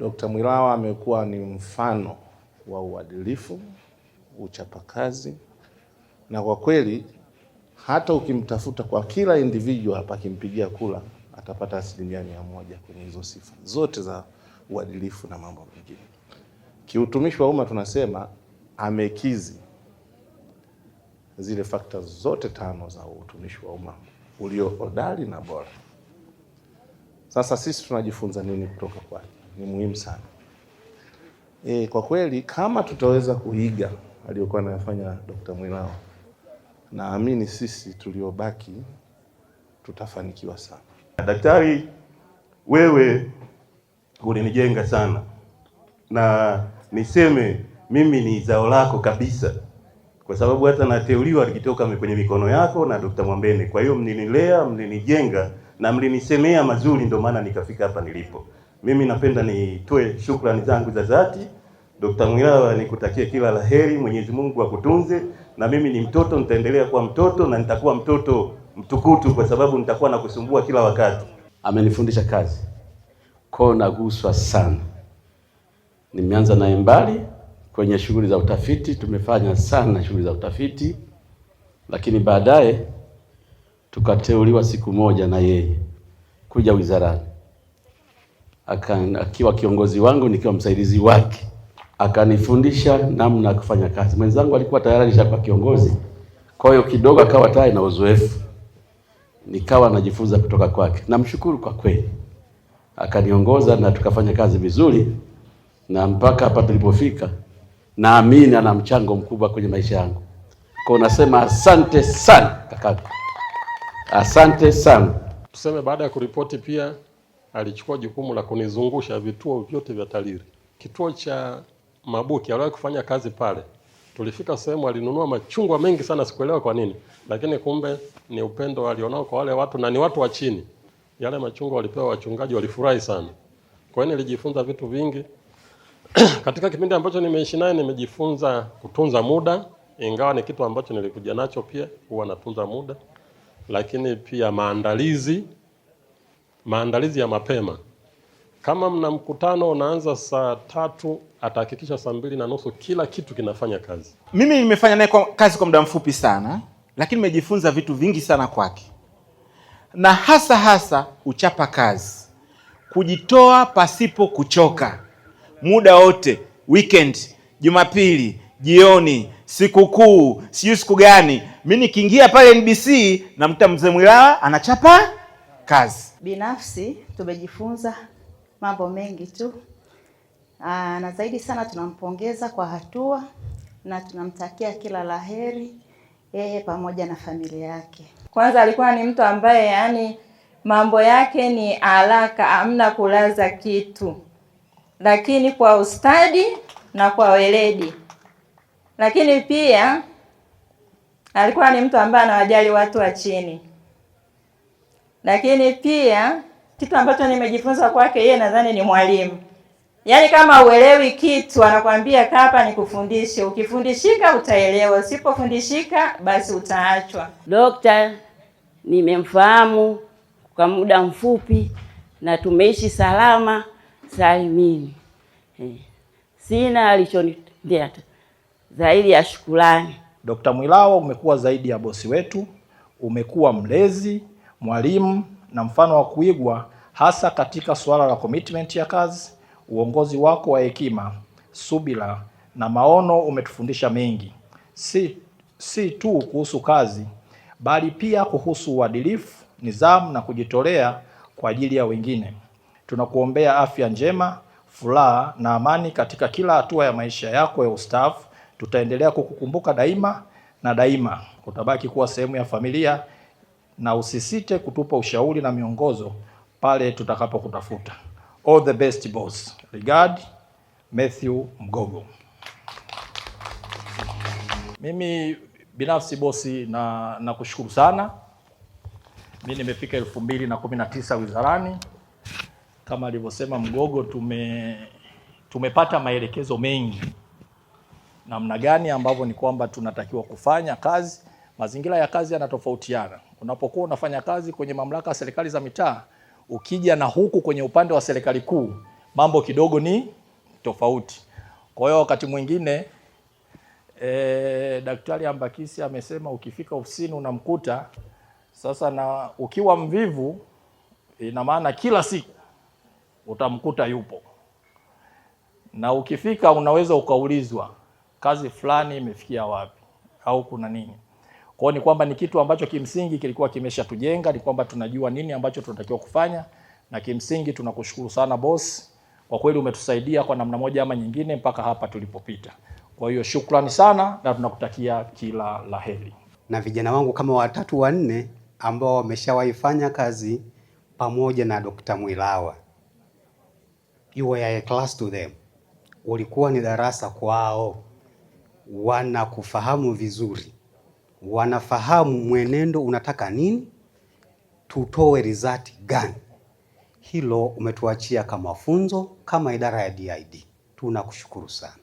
Dkt. Mwilawa amekuwa ni mfano wa uadilifu, uchapakazi na kwa kweli hata ukimtafuta kwa kila individual hapa akimpigia kula atapata asilimia mia moja kwenye hizo sifa zote za uadilifu na mambo mengine. Kiutumishi wa umma tunasema amekizi zile fakta zote tano za utumishi wa umma ulio hodari na bora. Sasa sisi tunajifunza nini kutoka kwake? ni muhimu sana. E, kwa kweli kama tutaweza kuiga aliyokuwa anayafanya Dr. Mwilao, naamini sisi tuliobaki tutafanikiwa sana. Daktari, wewe ulinijenga sana, na niseme mimi ni zao lako kabisa, kwa sababu hata nateuliwa likitoka kwenye mikono yako na Dr. Mwambene. Kwa hiyo mlinilea, mlinijenga na mlinisemea mazuri, ndio maana nikafika hapa nilipo. Mimi napenda nitoe shukrani zangu za dhati. Dkt. Mwilawa, nikutakie kila la heri, Mwenyezi Mungu akutunze. Na mimi ni mtoto, nitaendelea kuwa mtoto na nitakuwa mtoto mtukutu, kwa sababu nitakuwa nakusumbua kila wakati. Amenifundisha kazi koo, naguswa sana. Nimeanza naye mbali kwenye shughuli za utafiti, tumefanya sana shughuli za utafiti, lakini baadaye tukateuliwa siku moja na yeye kuja wizarani akiwa kiongozi wangu nikiwa msaidizi wake, akanifundisha namna ya kufanya kazi. Mwenzangu alikuwa tayari nishakuwa kiongozi, kwa hiyo kidogo akawa tayari na uzoefu, nikawa najifunza kutoka kwake. Namshukuru kwa kweli, akaniongoza na tukafanya kazi vizuri, na mpaka hapa tulipofika, naamini ana mchango mkubwa kwenye maisha yangu. Kwa nasema asante sana kaka, asante sana. Tuseme baada ya kuripoti pia alichukua jukumu la kunizungusha vituo vyote vya TALIRI. Kituo cha Mabuki aliwahi kufanya kazi pale, tulifika sehemu alinunua machungwa mengi sana, sikuelewa kwa nini, lakini kumbe ni upendo alionao kwa wale watu na ni watu wa chini. Yale machungwa walipewa wachungaji, walifurahi sana. Kwa hiyo nilijifunza vitu vingi katika kipindi ambacho nimeishi naye. Nimejifunza kutunza muda, ingawa ni kitu ambacho nilikuja nacho pia, huwa natunza muda, lakini pia maandalizi maandalizi ya mapema. Kama mna mkutano unaanza saa tatu, atahakikisha saa mbili na nusu kila kitu kinafanya kazi. Mimi nimefanya naye kazi kwa muda mfupi sana, lakini nimejifunza vitu vingi sana kwake, na hasa hasa uchapa kazi, kujitoa pasipo kuchoka, muda wote, weekend, Jumapili jioni, sikukuu, sijui siku gani. Mi nikiingia pale NBC namkuta mzee Mwilawa anachapa kazi. Binafsi tumejifunza mambo mengi tu aa, ah, na zaidi sana tunampongeza kwa hatua na tunamtakia kila laheri yeye pamoja na familia yake. Kwanza alikuwa ni mtu ambaye yani mambo yake ni haraka, amna kulaza kitu, lakini kwa ustadi na kwa weledi. Lakini pia alikuwa ni mtu ambaye anawajali watu wa chini. Lakini pia kitu ambacho nimejifunza kwake yeye, nadhani ni mwalimu. Yaani kama uelewi kitu anakwambia kapa, nikufundishe. Ukifundishika utaelewa, usipofundishika basi utaachwa. Dokta nimemfahamu kwa muda mfupi na tumeishi salama salimini. Sina alichonitendea zaidi ya shukrani. Dokta Mwilao, umekuwa zaidi ya bosi wetu, umekuwa mlezi mwalimu na mfano wa kuigwa hasa katika suala la commitment ya kazi, uongozi wako wa hekima, subira na maono umetufundisha mengi, si, si tu kuhusu kazi bali pia kuhusu uadilifu, nidhamu na kujitolea kwa ajili ya wengine. Tunakuombea afya njema, furaha na amani katika kila hatua ya maisha yako ya ustaafu. Tutaendelea kukukumbuka daima na daima utabaki kuwa sehemu ya familia na usisite kutupa ushauri na miongozo pale tutakapokutafuta. All the best boss. Regard, Mathew Mgogo. Mimi binafsi bosi, na nakushukuru sana. Mi nimefika elfu mbili na kumi na tisa wizarani kama alivyosema Mgogo, tume tumepata maelekezo mengi namna gani ambavyo ni kwamba tunatakiwa kufanya kazi. Mazingira ya kazi yanatofautiana unapokuwa unafanya kazi kwenye mamlaka ya serikali za mitaa, ukija na huku kwenye upande wa serikali kuu, mambo kidogo ni tofauti. Kwa hiyo wakati mwingine e, Daktari Ambakisi amesema ukifika ofisini unamkuta sasa, na ukiwa mvivu, ina maana kila siku utamkuta yupo, na ukifika unaweza ukaulizwa kazi fulani imefikia wapi au kuna nini. Kwa ni kwamba ni kitu ambacho kimsingi kilikuwa kimeshatujenga, ni kwamba tunajua nini ambacho tunatakiwa kufanya, na kimsingi tunakushukuru sana boss, kwa kweli umetusaidia kwa namna moja ama nyingine mpaka hapa tulipopita. Kwa hiyo shukrani sana na tunakutakia kila laheri. Na vijana wangu kama watatu wanne ambao wameshawaifanya kazi pamoja na Dr. Mwilawa, you were a class to them, ulikuwa ni darasa kwao, wanakufahamu vizuri wanafahamu mwenendo unataka nini, tutoe result gani. Hilo umetuachia kama funzo, kama idara ya DID. Tunakushukuru sana.